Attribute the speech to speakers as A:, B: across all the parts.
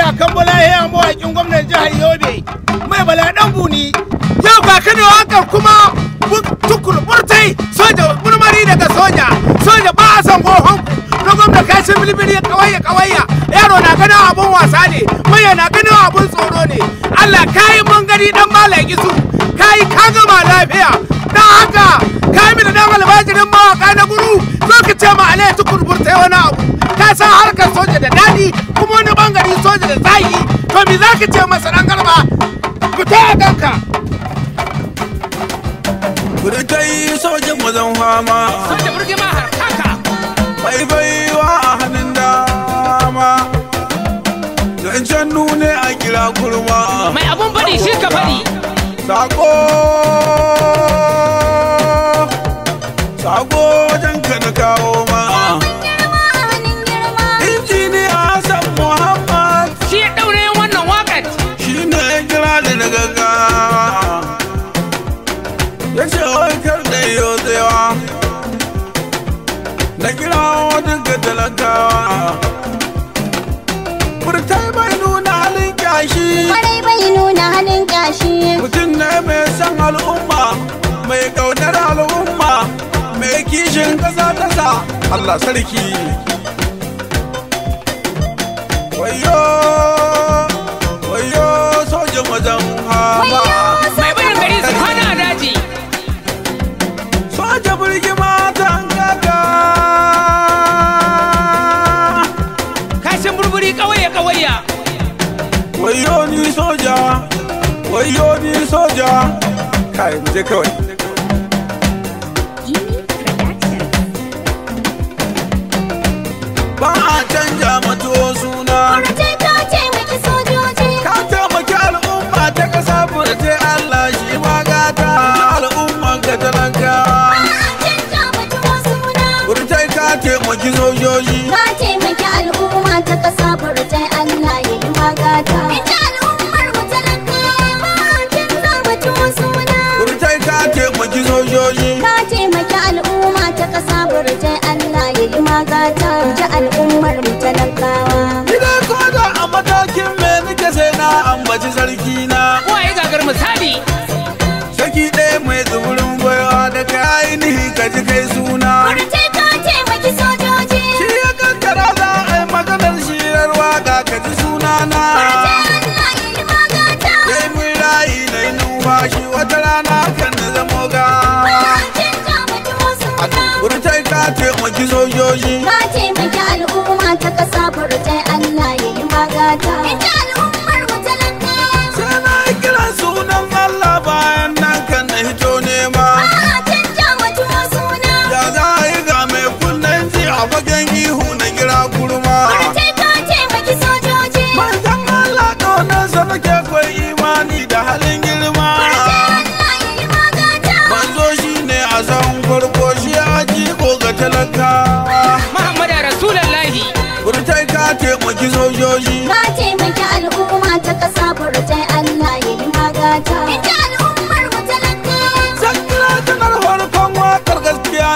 A: Allah kammala ya eh, mawaƙin gwamnan jihar Yobe mai bala dan buni yau ga Kano haka kuma tukur burtai soja murmari daga soja soja ba a san gohon na gwamna kashin bilbili kawaiya kawaiya yaro na ganin abun wasa ne maya na ganin abun tsoro ne Allah kai mun gani dan malam isu kayi ka gama lafiya dan haka kayi da dan albajirin mawaka na guru zo ka ce ma alai tukur sai wani abu ka san harkar soja da dadi kuma wani bangare soja da zagi to me zaka ce masa ɗan garba fita a kanka Kuri kai sojan mazan fama Soja burge har kaka Bai baiwa a hannun dama Zancen nune a kira kurma Mai abun bari shi ka bari Sako Sako wajen ka na kawo Allah sarki wayo wayo sojin wajen hama mai bayan gari su hana daji soja birgi matan gaga kashin burburi kawai ya kawaiya wayo ni soja wayo ni soja kayan je kawai mato suna Furje ka taimaki sojoji al'umma ta ƙasa furje Allah shi magata Al'umman ka talankawa ka taimaki sojoji
B: matakin me nake sai na ambaci sarki na waye gagar misali
A: sarki ɗaya mai zuburin gwaiwa da ka ainihi ka ji kai suna ka taimaki sojoji shi ya kankara za a yi maganar shirar waka ka ji mu sai na wata rana kan ka
B: taimaki sojoji ka taimaki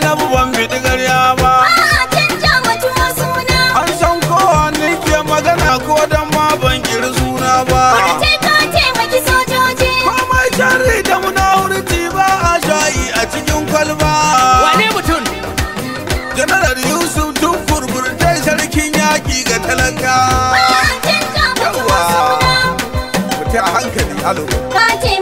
A: na ban biɗi ƙarya ba. An san kowa ke magana ko dan ma ban kiri suna ba. da munafurci ba a shayi a cikin kwalba. Wane mutum? Janaral Yusuf tun furfurtai sarkin yaƙi ga talaka. Mutum hankali,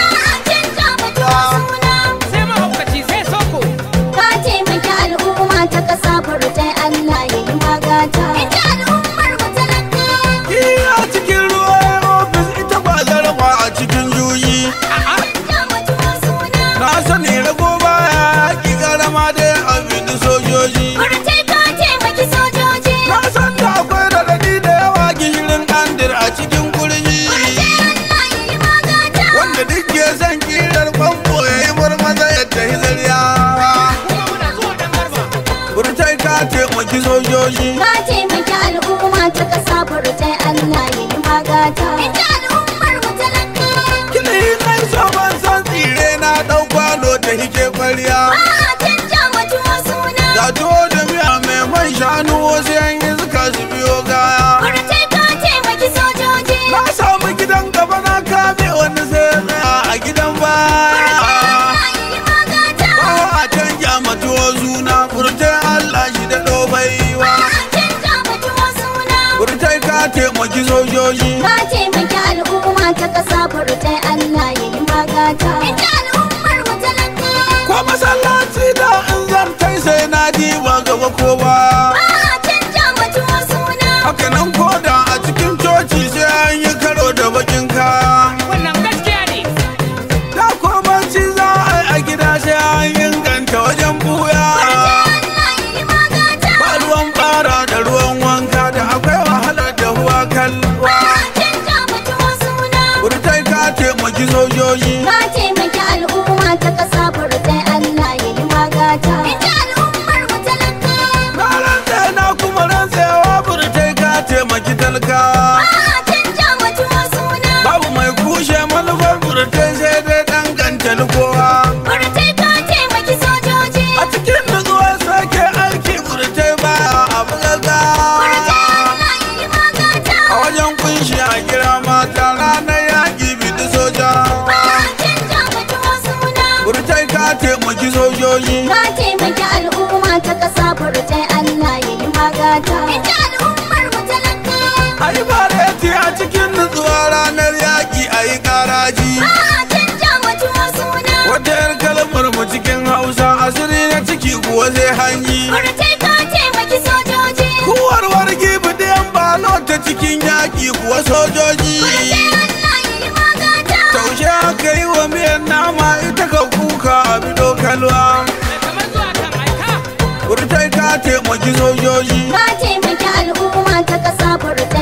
B: sojoji. Ka taimaki al'umma ta ƙasa burtai Allah ya yi magata.
A: taimaki sojoji
C: ka taimaki
B: al'umma ta kasa furtai Allah ya yi magata ita al'ummar mu
A: talaka ko masallaci da an zartai sai na diba gaba kowa
C: daga ah,
A: babu mai kushe manufar burtai sai dai danganta kowa burtai taimaki sojoji a cikin sake aiki burtai ba a wajen kunshi a kira mata ranar yaƙi soja ka ah, taimaki sojoji ka
B: taimaki al'umma ta ƙasa burtai
A: kaji wata yar kalmar mu cikin hausa asiri na ciki kuwa zai hanyi kuwarwar gibi da yan balo ta cikin yaki kuwa sojoji taushe aka yi wa miyan nama ita ka kuka a bido kalwa burtai ka taimaki sojoji
B: ka taimaki al'umma ta kasa burtai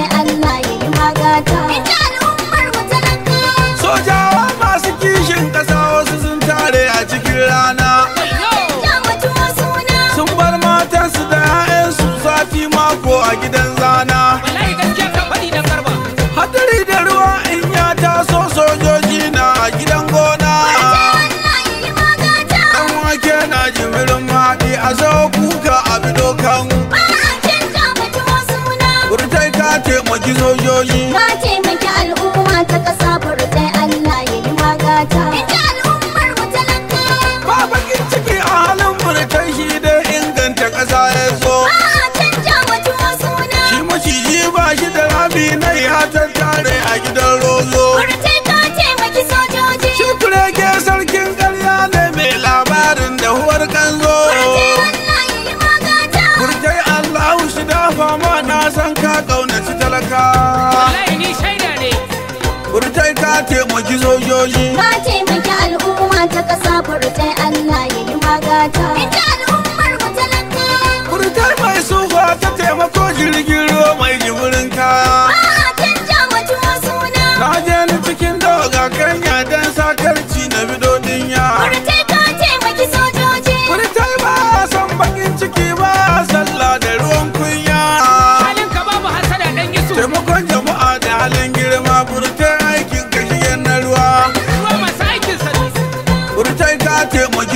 A: giden na san ka kaunaci talaka wallahi ni shaida ne burtai ka taimaki sojoji ka
B: taimaki al'umma ta kasa burtai Allah ya yi magata ita al'ummar mu talaka burtai mai sufa
A: ta taimako jirgin ruwa mai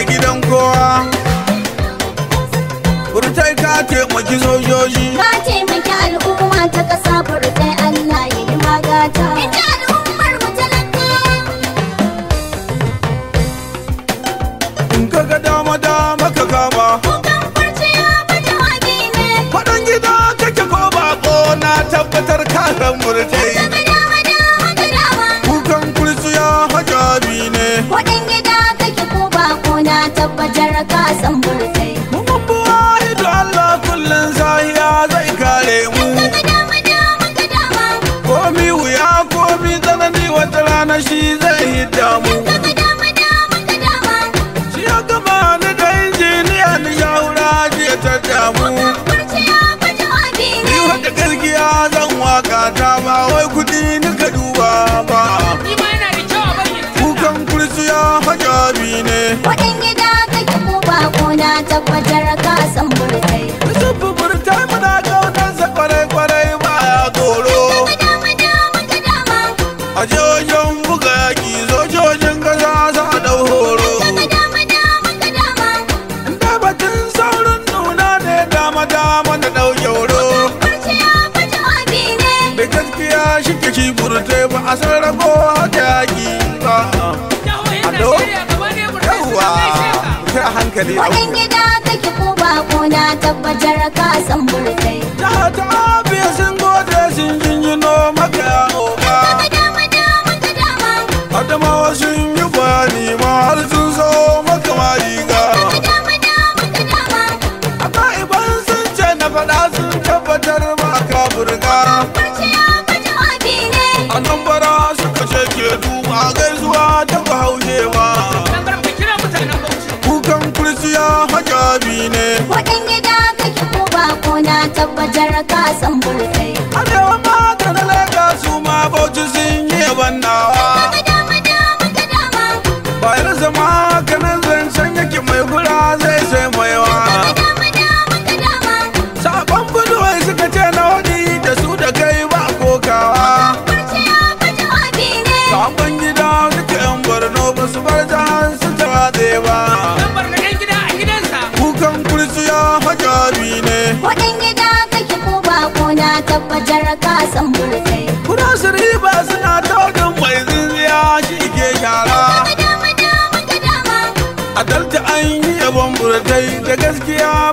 A: ka gidan kowa burtai ka taimaki sojoji
B: ka taimaki al'umma ta ƙasa burtai hankali ta gida take ko na tabbatar ka san burtsi I'm
A: surutai da gaskiya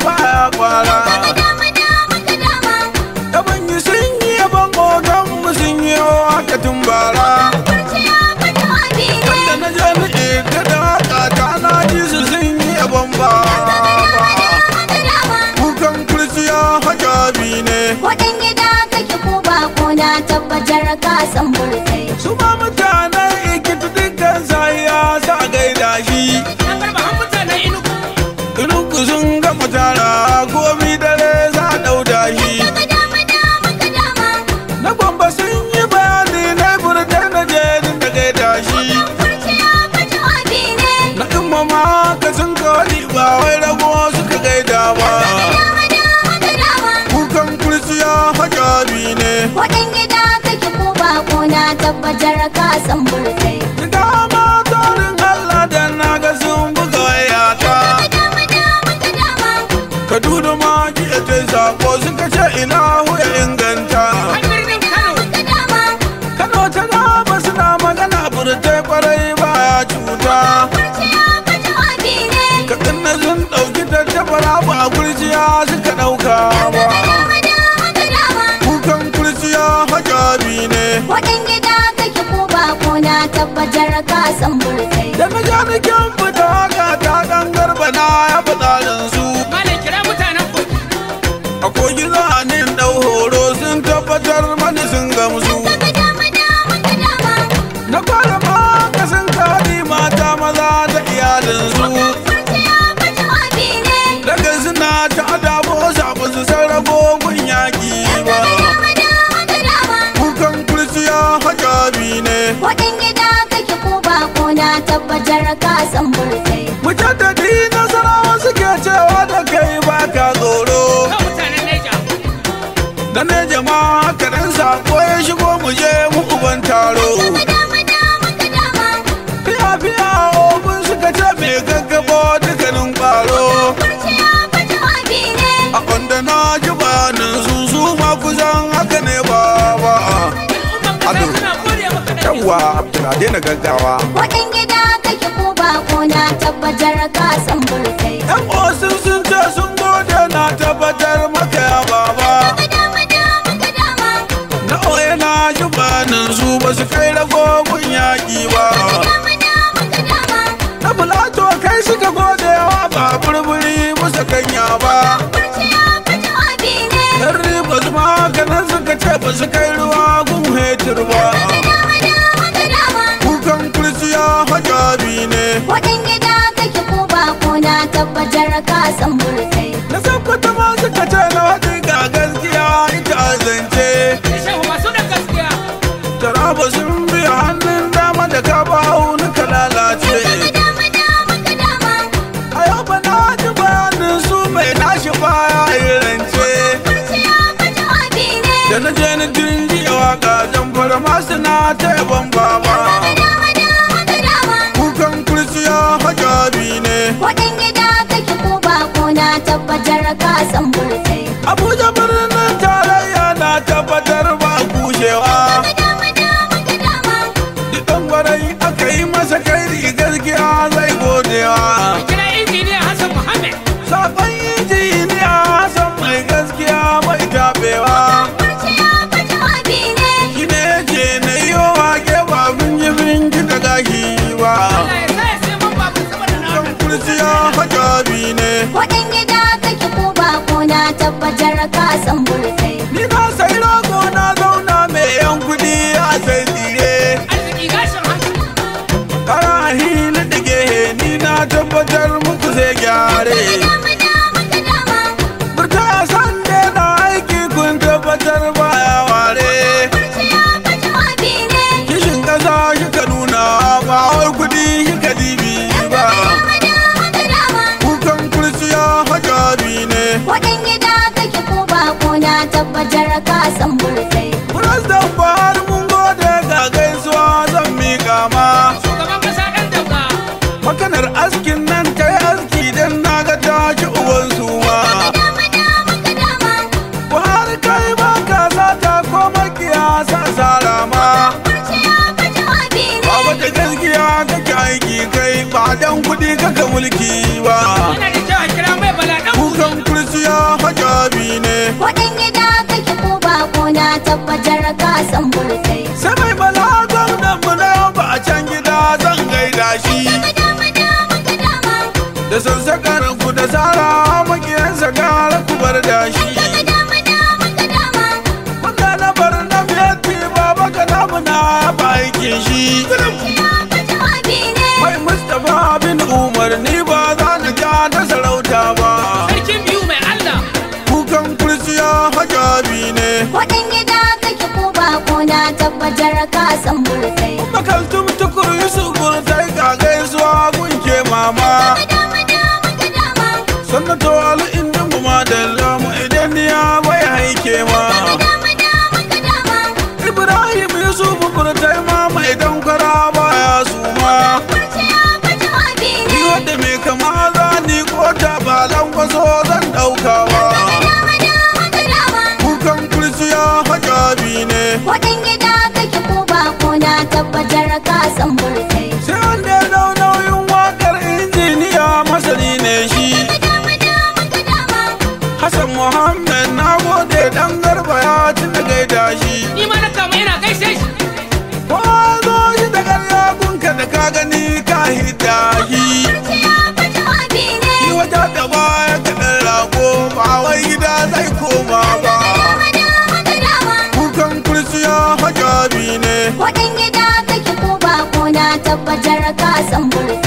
B: abba jaraka san burkai dama
A: torin Allah da na ga sun buga wayata ka dudu ma ki ta zako sun kace ina ya inganta Kano ta gaba suna magana burtai kwarai ba cuta ka kanna sun dauki tattafara
B: ba gurjiya Go.
A: cewa da kai ba ka tsoro dan ne jama'a kaɗan sako ya shigo mu je mu uban taro fiya fiya ofin suka ce mai gaggabo dukkanin ƙwaro a kwanda na ma kusan haka ne abdulade na gaggawa
B: waɗin gida kake ko ba ko na tabbatar ka san wasu sun
A: ce sun gode na tabbatar maka ya baba na oye na ji banin su ba su kai ragogun yaƙi ba na bulato kai suka gode wa ba burburi musu kanya ba yan riba maganin suka ce ba su kai ruwa gun hetur ba hasana ta yaban baba
B: kukan kurciya hajabi ne waɗanda da ki ko bako na tabbatar ka san burta san burtai Firistan Buhari mun gode ga gaisuwa zan miƙa ma Shugaban
A: ƙasa ɗan dabba Makanar askin nan ta yi aski don na ga tashi uban su ma Buhari kai ba ka sata ko makiya sa sara ma Ba wata gaskiya kake aiki kai ba dan kuɗi kaka mulki ba Kukan kursiya fajabi ne
B: na tabbatar ka san burtai sai mai bala zan mu
A: ba a can gida zan gaida shi da san sakarin ku da tsara makiyan sakara ku bar da shi Maka na bar na fiye ba baka na muna ba aikin shi. na san tun da gaida shi ni ma na kama yana gaishe shi ko zo shi da kallon ka da ka gani ka hita shi ni wata da baya ka dan
B: rago ba wai gida zai koma ba kukan kurciya hajabi ne waɗanda da kake ko ba ko na tabbatar ka san burka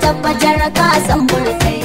B: tabbatar ka san burtsai